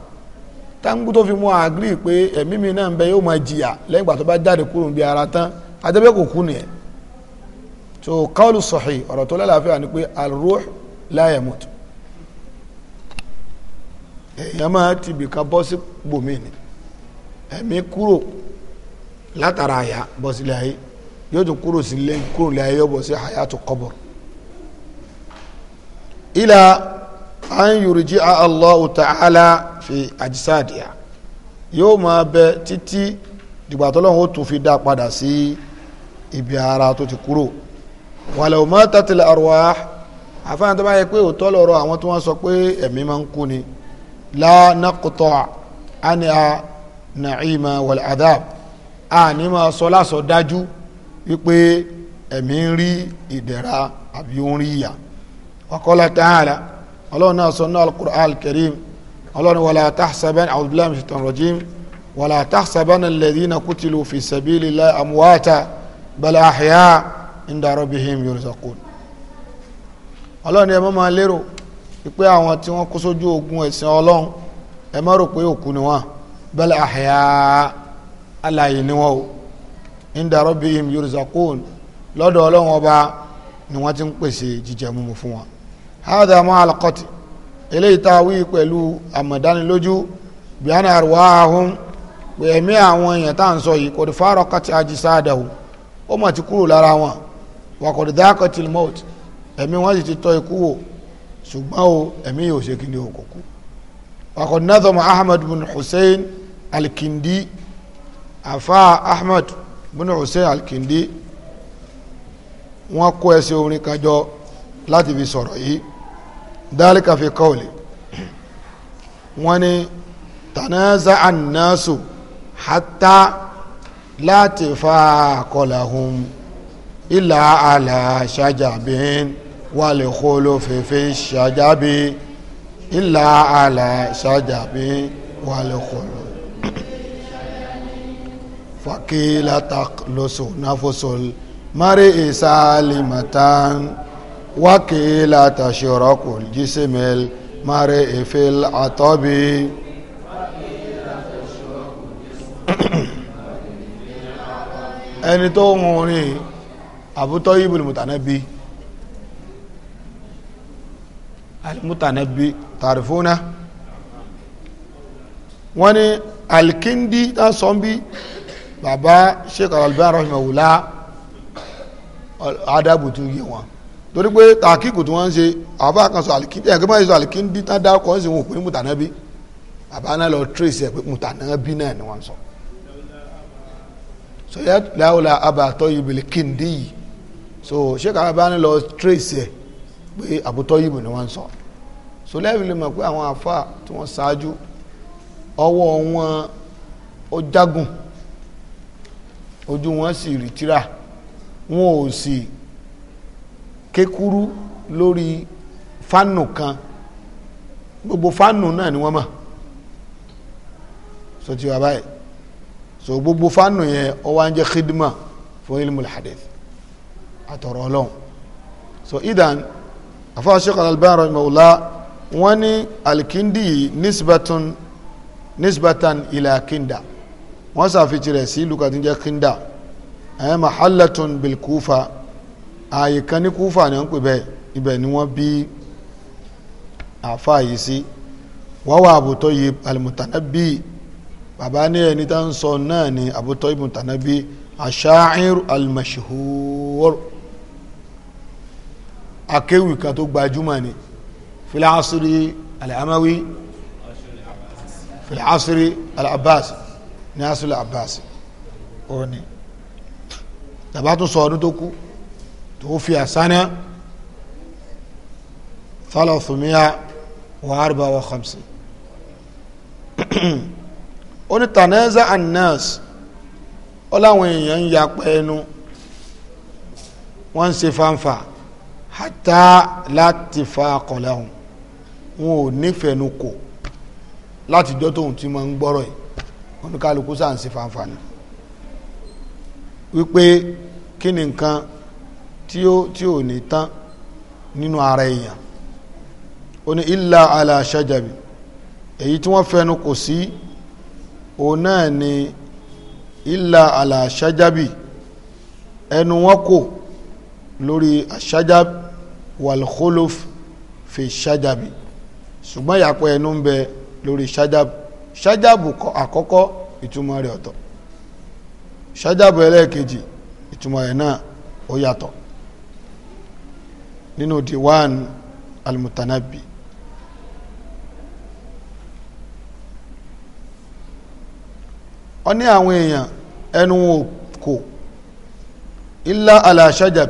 táǹgbù tó fi mú àgírí pé ẹ̀mí mi náà ń bẹ yóò máa jìyà lẹ́yìn ìgbà tó bá jáde kúrò ara tán adébẹ́ kò kú nìyẹn so káwọlù sọ̀hìn ọ̀rọ̀ tó lálàáfíà ni pé al èèyàn máa ti bìkan bọ́ sí bòmí ni ẹ̀mí kúrò látara àyà bọ́ sílé ayé yóò tún kúrò kúrò ayé yóò hayatu ilà. an yurji'a Allahu ta'ala fi ajisadiya yóò máa bẹ títí dìgbà tọ́lọ́hún ó tún fi dá padà sí ibi ara tó ti kúrò walau matatil arwah àfáàn tó bá yẹ pé òótọ́ lọ́rọ̀ àwọn tí wọ́n sọ pé ẹ̀mí máa ń kú ni la naqta ania na'ima wal adab a ní máa sọ lásọ dájú wípé ẹ̀mí ń rí ìdẹ̀ra àbí ń rí ìyà wa qala ọlọ́run náà sọ náà al-Qur'an al-Karim ọlọ́run wàlá tahsaban a'udhu billahi minash shaitanir rajim wàlá tahsaban alladhina qutilu fi sabilillahi amwata bal ahya inda rabbihim yurzaqun. ọlọ́run ni ẹ má máa lérò pé àwọn tí wọ́n kó sójú ogun ẹ̀sìn ọlọ́run ẹ má rò pé òkú ni wọ́n bal ahya ni wọ́n o inda rabbihim yurzaqun lọ́dọ̀ ọlọ́run ọba ni wọ́n ti ń pèsè jíjẹ mímu fún wọn hádà mọ́ alakọ́tì eléyìí tá a wí pẹ̀lú àmọ̀dánilójú bíánà àrùwá ahun pé ẹ̀mí àwọn èèyàn tá à ń sọ yìí kò dé fárọ kàtí ajísáàdà o ó mà ti kúrò lára wọn wà kò dé dákọ̀ tí mọ́t ẹ̀mí wọn sì ahmed bin alkindi afa ahmed bin alkindi wọn kó ẹsẹ orin kan láti fi sọ̀rọ̀ yìí dhalika fi qawli wọ́n ní tanaza'a an-nasu hatta la tifaqa lahum illa ala shajabin wal khulufi fi shajabi illa ala shajabin wal khulufi fakila takloso nafosol mari isalimatan. E وكيل تشرك الجسم المرء في العطب (clears throat) ẹni tó ń orin àbútọ́ yìí bùnú mùtànẹ́bí alimùtànẹ́bí tàrífúnà wọ́n ní alikindi tá a sọ ń bí bàbá sheikh alalbá rahimahullah adábùtú yé wọn torí pé tàkìkù tí wọ́n ń ṣe àbá kan sọ àlìkí ẹ̀ gbọ́dọ̀ sọ àlìkí ń dín tán dá ọkọ̀ ń sìn wọn òpin mùtànábí àbá náà lọ tírèsì ẹ̀ pé mùtànábí náà ni wọ́n sọ. sọyà láwùlà abàtọ́ ibìlì kìndí yìí so ṣé kàrà bá ní lọ tírèsì ẹ̀ pé àbútọ́ yìí ni wọ́n sọ. so lẹ́yìn lè mọ̀ pé àwọn àfa tí wọ́n ṣáájú ọwọ́ wọn ó jágùn ojú wọn sì rí wọn ò sì kékurú lórí fánù kan gbogbo fánù náà ni wọ́n mọ̀ so ti wà báyìí so gbogbo fánù yẹn ó wá ń jẹ́ khidma fún ilmul hadith àtọ̀rọ̀ ọlọ́run so idan afa sheikh al-Albani rahimahullah wọ́n ní alkindi nisbatun nisbatan ila kinda wọ́n sàfitì sí ìlú kan tí ń jẹ́ kinda ààyè kan ní kúfà ní wọ́n pè bẹ́ẹ̀ ibẹ̀ ni wọ́n bí àfa yìí sí wọ́n wà àbútọ́ yìí al-Mutanabbi bàbá ní ẹni tá ń sọ náà ni àbútọ́ yìí Mutanabbi ash-sha'ir al-mashhur akéwì kan tó gbajúmọ̀ ni fil asri al-amawi fil asri al òní tàbá ọdún tó kú. توفي سنة ثلاثمائة وأربعة وخمسين (clears throat) onítànáza annas الناس láwọn وين ń yapa ẹnu wọ́n ń ṣe fanfa hata láti fa akọ̀lẹ́hùn wọn ò nífẹ̀ẹ́nu kò láti jọ́ tóun ti máa ń gbọ́rọ̀ yìí oníkálukú sáà ń ṣe fanfa ni wípé kí ni nǹkan tí ó tí ò ní tán nínú ara èèyàn ó ní illa ala shajabi èyí tí wọ́n fẹnu kò sí òun náà ni illa ala shajabi ẹnu wọn kò lórí ashajab wal khuluf fi shajabi ṣùgbọ́n ìyàpọ̀ ẹnu ń bẹ lórí shajab shajabu àkọ́kọ́ ìtumọ̀ rẹ̀ ọ̀tọ̀ shajabu ẹlẹ́ẹ̀kejì ìtumọ̀ rẹ̀ náà ó yàtọ̀ nínú diwan al-Mutanabbi ó ní àwọn èèyàn ẹnu wọn kò illa ala shajab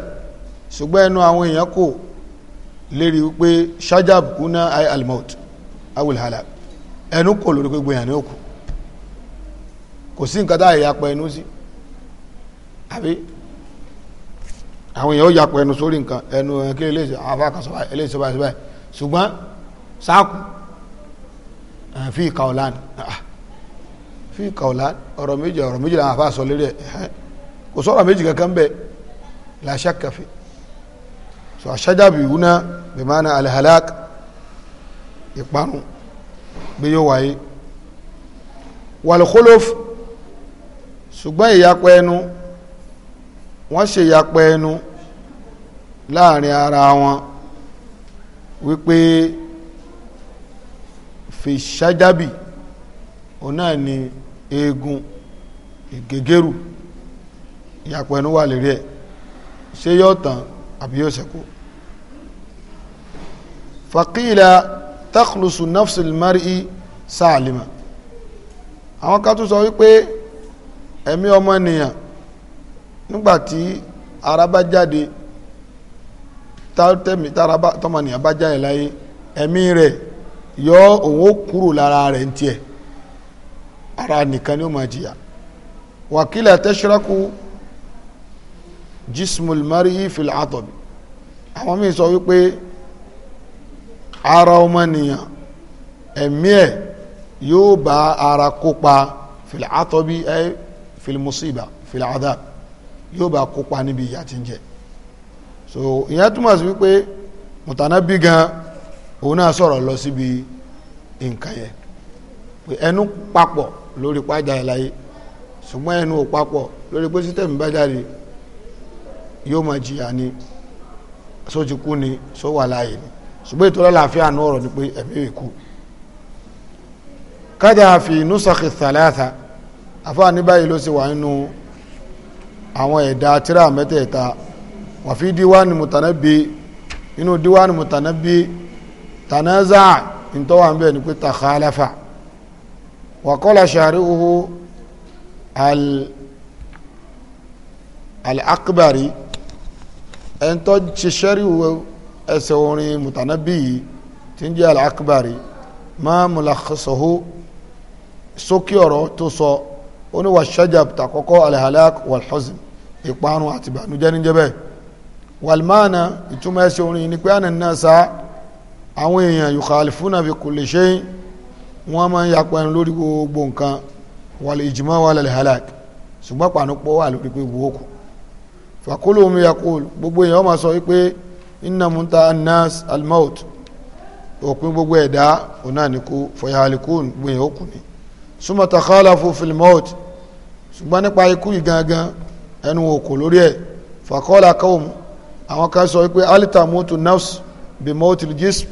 ṣùgbọ́n ẹnu àwọn èèyàn kò lérí wípé shajab kuna ay al-maut ẹnu kò lórí pé gbìyànjú òkú kò sí nǹkan tá a yà pa ẹnu sí àbí àwọn èèyàn ó yàpọ̀ ẹnu sórí nǹkan ẹnu kí eléyìí àfa kan sọ báyìí eléyìí sọ báyìí sọ báyìí ṣùgbọ́n sáàkù fi kàwọ́láàni ah, fi kàwọ́láàni ọ̀rọ̀ méjì ọ̀rọ̀ méjì làwọn àfa sọ lérí ẹ̀ kò sọ̀rọ̀ méjì kankan bẹ́ẹ̀ làṣà kẹfì sọ àṣàjà bìhúná bìmánà alhalak ìparun bí yóò wáyé wàlúkólóf ṣùgbọ́n ìyapẹ́ ẹnu wọ́n ṣe ìyapẹ́ ẹnu láàrin ara wọn wípé fìṣájábì òun náà ni eegun ìgégérù ìyàpọ̀ ẹnu wà lérí ẹ̀ ṣé yóò tán àbí yóò ṣẹ́kù fàkílà takhlusu nafsul mar'i sálìmà àwọn ká tún sọ wípé ẹ̀mí ọmọnìyàn nígbàtí ara bá jáde tẹ́mi tára tọ́mọnìyàn bá jáde láyé ẹ̀mí rẹ̀ yọ òun ó kúrò lára rẹ̀ ń tiẹ̀ ara nìkan ni ó máa jìyà wàkílẹ̀ tẹ́síráku jismul mari fil atobi àwọn míì sọ wípé ara ọmọnìyàn ẹ̀mí ẹ̀ yóò bá ara kópa fil atobi ẹ̀ fil musiba fil adab yóò bá kópa níbi ìyà tí ń jẹ́ so ìyẹn túmọ̀ sí wípé mùtànàbí gan òun náà sọ̀rọ̀ lọ síbi nǹkan yẹn pé ẹnu papọ̀ lórí pàjá ìláyé ṣùgbọ́n ẹnu ò papọ̀ lórí pé sítẹ̀mù bá jáde yóò máa jìyà ni só ti kú ni só wà láàyè ni ṣùgbọ́n ìtura làáfíà nú ọ̀rọ̀ ni pé ẹ̀mí rẹ̀ kú kájà fi nusakhi thalatha àfáà ní báyìí ló ṣe wà nínú àwọn ẹ̀dá tíra mẹ́tẹ̀ẹ̀ta wàfi diwaani mutanabi inú diwaani mutanabi tanaza ntọ́wà ń bẹ̀ ni pé takhalafa wàkọ́lá shari'uhu al al-akbari ẹ̀ńtọ́ ti shari'u ẹsẹ̀ orin mutanabi yìí tí ń al-akbari máa mulakhasahu sókè ọ̀rọ̀ tó sọ ó ní wàṣájà takọ́kọ́ al-halak wal-huzn ìparun àti ìbànújẹ́ níjẹ́ bẹ́ẹ̀ wàlmánà ìtumọ̀ ẹsẹ̀ orin ni pé ànànàṣà àwọn èèyàn yukhalifuna fi kulli shay wọ́n máa ń yapa ẹnu lórí gbogbo nǹkan wàlẹ̀ ìjìmọ̀ wàlẹ̀ halak ṣùgbọ́n pàánùpọ̀ wà lórí pé buwọ́kù fàkúlù omi yakul gbogbo èèyàn máa sọ wípé inna munta anas almaut òpin gbogbo ẹ̀dá ọ̀nà nìkú fọyàlìkún gbogbo èèyàn òkú ni summa takhalafu fil maut ṣùgbọ́n nípa ikú yìí gangan ẹnu òkú lórí ẹ̀ fàkọ́lá kọ́ọ̀mù àwọn kan sọ wípé alita mutu nafs bi mautil jism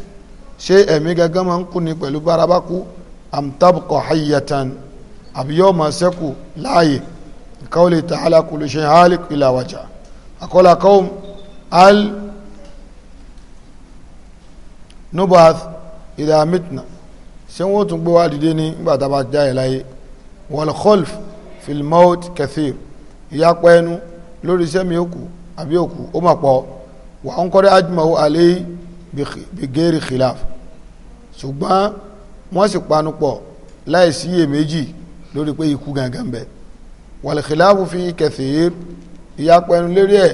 ṣé ẹ̀mí gẹ́gẹ́ máa ń kú ni pẹ̀lú bárabá kú amtabqa hayyatan àbí yóò máa ṣẹ́kù láàyè kawli ta'ala kullu shay halik ila waja akọ́lá kawm al nubath idha mitna ṣé wọ́n tún gbé wá dìde ní nígbà tá a bá jáde láyé wal khulf fil maut kathir ìyapa ẹnu lórí iṣẹ́ ó kù àbí òkú ó mà pọ̀ wà ń kọ́rẹ́ ajmahu alayhi bi ghairi khilaf ṣùgbọ́n wọ́n sì panu pọ̀ láì sí iyèméjì lórí pé ikú gangan bẹ̀ wal khilafu fi kathir ìyapọ̀ ẹnu lérí ẹ̀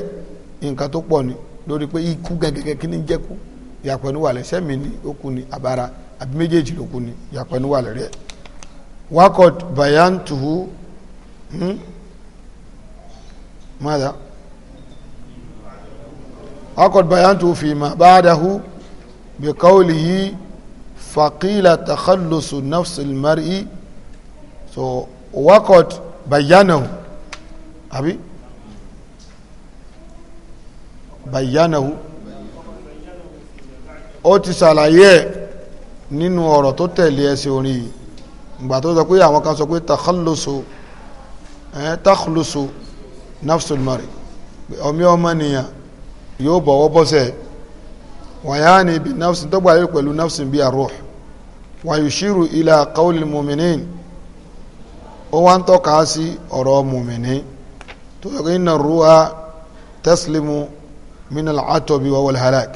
nǹkan tó pọ̀ ni lórí pé ikú gangan kí ni jẹ́ kú ìyapọ̀ ẹnu wà lẹ́sẹ̀ mi ni ó kú ni àbára àbí méjèèjì ló kú ni ìyapọ̀ ẹnu wà lérí ẹ̀ wákọ̀d bayantuhu hmm? mada. Hmm? akọ̀dù bayantu fi ma ba'dahu bi qawlihi faqila takhallusu nafsil mar'i so wakọ̀d bayanahu àbí bayanahu ó ti ṣàlàyé ẹ̀ nínú ọ̀rọ̀ tó tẹ̀lé ẹsẹ̀ orin yìí ìgbà tó sọ pé àwọn kan sọ pé takhallusu ẹ̀ takhallusu nafsul mar'i ọmọ ọmọ nìyàn yóò bọ̀wọ́ bọ́sẹ̀ wàyáni bí nafsin tó gbàyè pẹ̀lú nafsin bí àrùh wàyùsírù ilà kawul mùmìnín ó wá ń tọ́ka sí ọ̀rọ̀ mùmìní tó yẹ kó iná ruwa tẹ́sílímù minal atọ́bi wàwọ̀l halak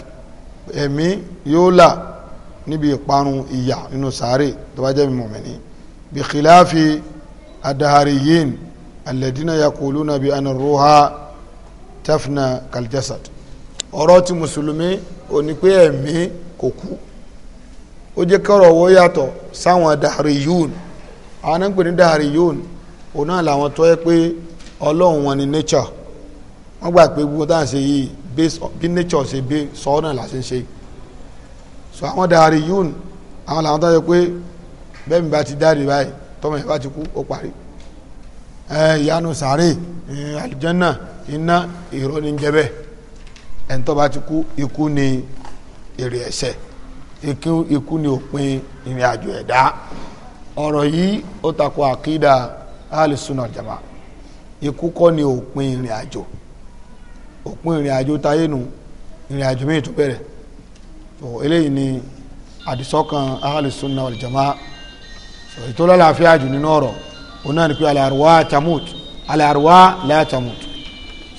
ẹ̀mí yóò là níbi ìparun ìyà nínú sáré tó bá jẹ́ mi mùmìní bí kìláàfi adahariyin alẹ́dínà yakuluna bí anarruha tafna kaljasad ọ̀rọ̀ ti mùsùlùmí ò ní pé ẹ̀mí kò kú ó jẹ́ kọ́rọ̀ owó yàtọ̀ sáwọn dàrí yún àwọn náà ń pè ní dàrí yún òun náà làwọn tó yẹ pé ọlọ́run wọn ni nature wọ́n gbà pé gbogbo táà ń ṣe yìí bí nature ṣe bí sọ́ọ́ náà làṣẹ ń ṣe so àwọn dàrí yún àwọn làwọn tó yẹ pé bẹ́ẹ̀ mi bá ti dárí báyìí tọ́mọ yẹn bá ti kú ó parí ìyanu sàárè àlùjànnà iná ìrọ̀ ní jẹ́ bẹ́ẹ̀ ẹni tó bá ti kú ikú ni èrè ẹ̀ṣẹ̀ ikú ni òpin ìrìn àjò ẹ̀dá ọ̀rọ̀ yìí ó takò àkídà alìsúnà jama ikú kọ́ ni òpin ìrìn àjò òpin ìrìn àjò táyé nu ìrìn àjò míì tó bẹ̀rẹ̀ so eléyìí ni àdìsọ́kan alìsúnà jama so ètò lọ́láàfíà jù nínú ọ̀rọ̀ òun náà ni pé alàrúwá tamut alàrúwá látamut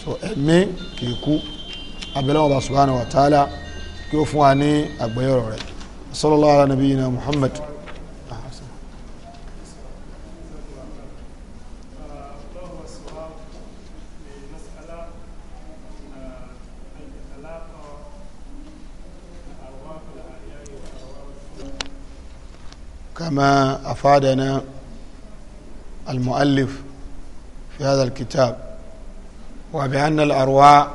so ẹ̀mí kì kú. abẹ́lẹ́ wọn bá subhanahu wa ta'ala kí ó fún wa ní àgbẹ̀yọ̀rọ̀ rẹ̀ sallallahu ala nabiyina muhammad كما أفادنا المؤلف في هذا الكتاب وبأن الأرواح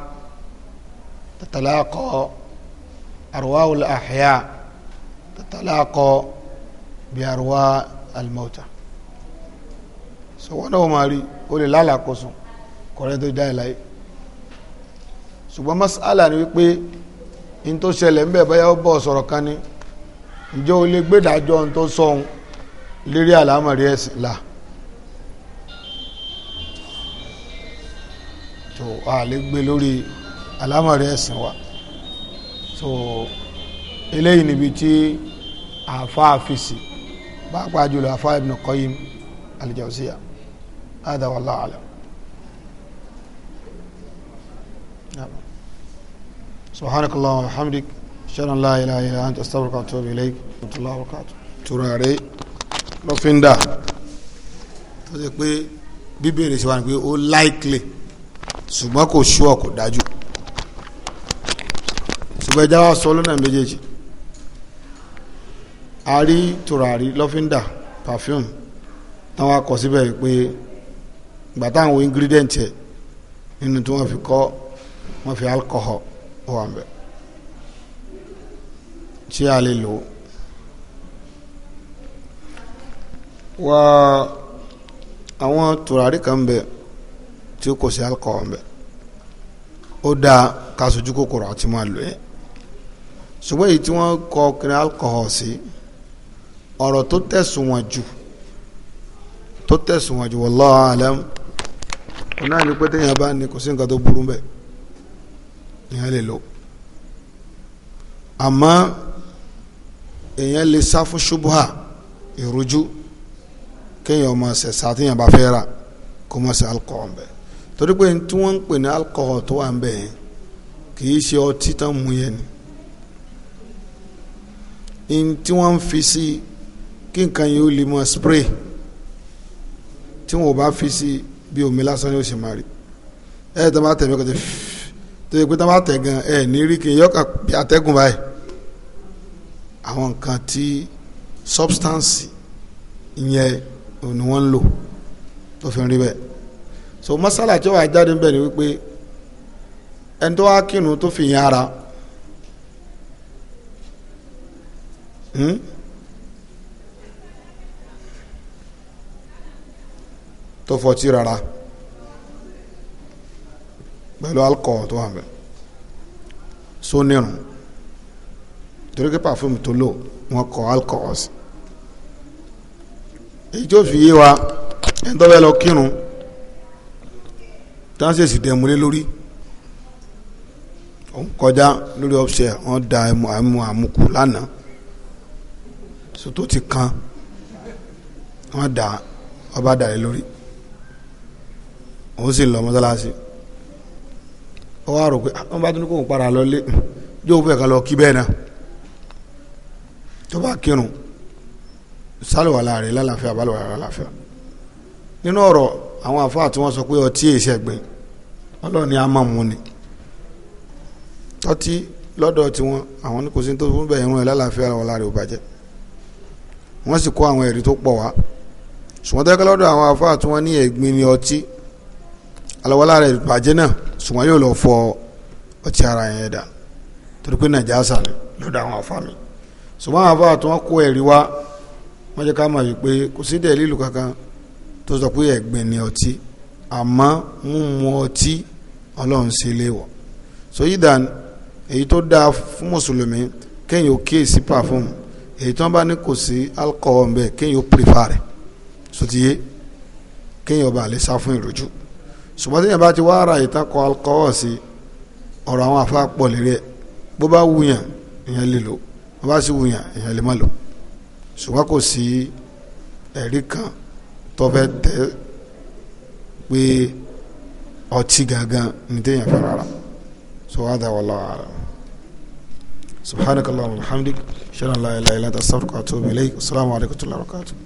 تتلاقى أرواح الأحياء تتلاقى بأرواح الموتى sọwọ́n náà máa rí o lè lálàkóso kọ̀rẹ́ tó dá ẹ̀ láyé ṣùgbọ́n masala ni wípé in tó ṣẹlẹ̀ ń bẹ̀ báyà ó bọ̀ sọ̀rọ̀ kan ní ǹjẹ́ o lè gbẹ́dàjọ́ ohun tó sọ̀hún lérí àlámọ̀rí ẹ̀sìn là tó a lè gbé lórí alámọ̀rí ẹ̀sìn wa so eléyìí níbi tí àáfàá fèsì pàápàá jùlọ àáfàá Ibn Qayyim al-Jawziyya hada wallahu a'lam. سبحانك اللهم وبحمدك اشهد ان لا اله الا انت استغفرك واتوب اليك ورحمه الله وبركاته turare lọ́fíńdà tó ṣe pé bíbèrè ṣe wà ní pé ó láìkìlẹ̀ ṣùgbọ́n kò ṣúọ̀ kò dájú gbẹ̀já wa sọ lọ́nà méjèèjì a rí tùràrí lọ́fíńdà perfume táwọn akọ síbẹ̀ pé gbà táwọn ingredient ẹ̀ nínú tí wọ́n fi kọ́ wọ́n fi alcohol wà ń bẹ̀ tí a lè lò wá àwọn tùràrí kan bẹ̀ tí kò sí alcohol ń bẹ̀ ó dáa ká sojú kòkòrò àti máa lò yẹn ṣùgbọ́n èyí tí wọ́n kọ kiri alcohol sí ọ̀rọ̀ tó tẹ̀sùn wọn jù tó tẹ̀sùn wọn jù wallahu alam wọn náà ní pé téèyàn bá ní kò sí nǹkan tó burú bẹ́ẹ̀ èèyàn lè lò àmọ́ èèyàn lè sá fún ṣubúhà ìrújú kéèyàn ọmọ ṣẹ̀ sá bá fẹ́ rà kó mọ̀ sí alcohol bẹ́ẹ̀ torí pé tí wọ́n ń pè ní alcohol tó wà ń bẹ̀ yẹn kì í ṣe ọtí tán mú yẹn ni in tí wọ́n ń fi sí kí nǹkan yìí ó lè mọ spray tí wọn ò bá fi sí bí omi lásán ni ó ṣe máa rí ẹ ẹ tó bá tẹ̀ mẹ́kọ̀ọ́ tó yẹ pé tó bá tẹ̀ gan ẹ ní rí kí n yọkàn bí báyìí àwọn nǹkan tí substance yẹn ni wọ́n ń lò tó fi ń rí bẹ́ẹ̀ so masala tí wàá jáde ń bẹ̀ ni wípé ẹni tó wá kírun tó fi yẹn ara. Hmm? tó fọtí rárá pẹ̀lú alcohol tó wà bẹ́ẹ̀ so nírun torí pé pàfúmù tó lò wọn kọ alcohol èyí tó fi yé wa ẹni tó fẹ́ lọ kírun tánsẹ̀sì dẹ̀múlé lórí òun kọjá lórí ọ̀sẹ̀ wọn da ẹmu àmukù lánàá sòtò ti kan wọ́n dà ọba dàlẹ́ lórí òun sì lọ mọ́sálásí ó wá rò pé ah, wọ́n bá tún ní kó òun para lọlé yóò fẹ́ ká lọ kí bẹ́ẹ̀ náà tó bá kírun sálùwàlà rẹ̀ lálàáfíà bálùwàlà lálàáfíà nínú ọ̀rọ̀ àwọn àfáà tí wọ́n sọ pé ọtí èsì ẹ̀gbìn ọlọ́run ni a máa mú ni tọ́tí lọ́dọ̀ tiwọn àwọn ní kò sí tó fún bẹ́ẹ̀ irun ẹ̀ lálàáfíà wọn lára ò bàjẹ́ wọ́n sì kó àwọn ẹ̀rí tó pọ̀ wá ṣùgbọ́n tẹ́kẹ́ lọ́dọ̀ àwọn afá tí wọ́n ní ẹ̀gbin ní ọtí alawala rẹ̀ bàjẹ́ náà ṣùgbọ́n yóò lọ fọ ọtí ara yẹn dà torí pé nàjàsà ni lọ́dọ̀ àwọn afá mi ṣùgbọ́n àwọn afá tí wọ́n kó ẹ̀rí wá wọ́n jẹ́ ká mọ̀ wípé kò sí dẹ̀ lílù kankan tó sọ pé ẹ̀gbin ní ọtí àmọ́ mímu ọtí ọlọ́run ṣe léèwọ̀ so yídà èyí tó dáa fún mùsùlùmí kéèyàn ó kíyèsí pàfọ́ọ̀mù èyí tí wọ́n bá ní kò sí alcohol bẹ́ẹ̀ kéèyàn prefer rẹ̀ sotiye kéèyàn bá lè sá fún ìrújú ṣùgbọ́n téèyàn bá ti wá ara ìtakọ̀ alcohol sí ọ̀rọ̀ àwọn afá pọ̀ lérí ẹ̀ bó bá wuyàn èèyàn lè lò bó bá sì wuyàn èèyàn lè má lò ṣùgbọ́n kò sí ẹ̀rí kan tó fẹ́ tẹ́ pé ọtí gangan ní téèyàn fẹ́ rárá so wàá dá wọlé ara subhanakallahumma wa bihamdik shalla la ilaha illa anta astaghfiruka wa atubu ilaik assalamu alaykum wa rahmatullahi wa barakatuh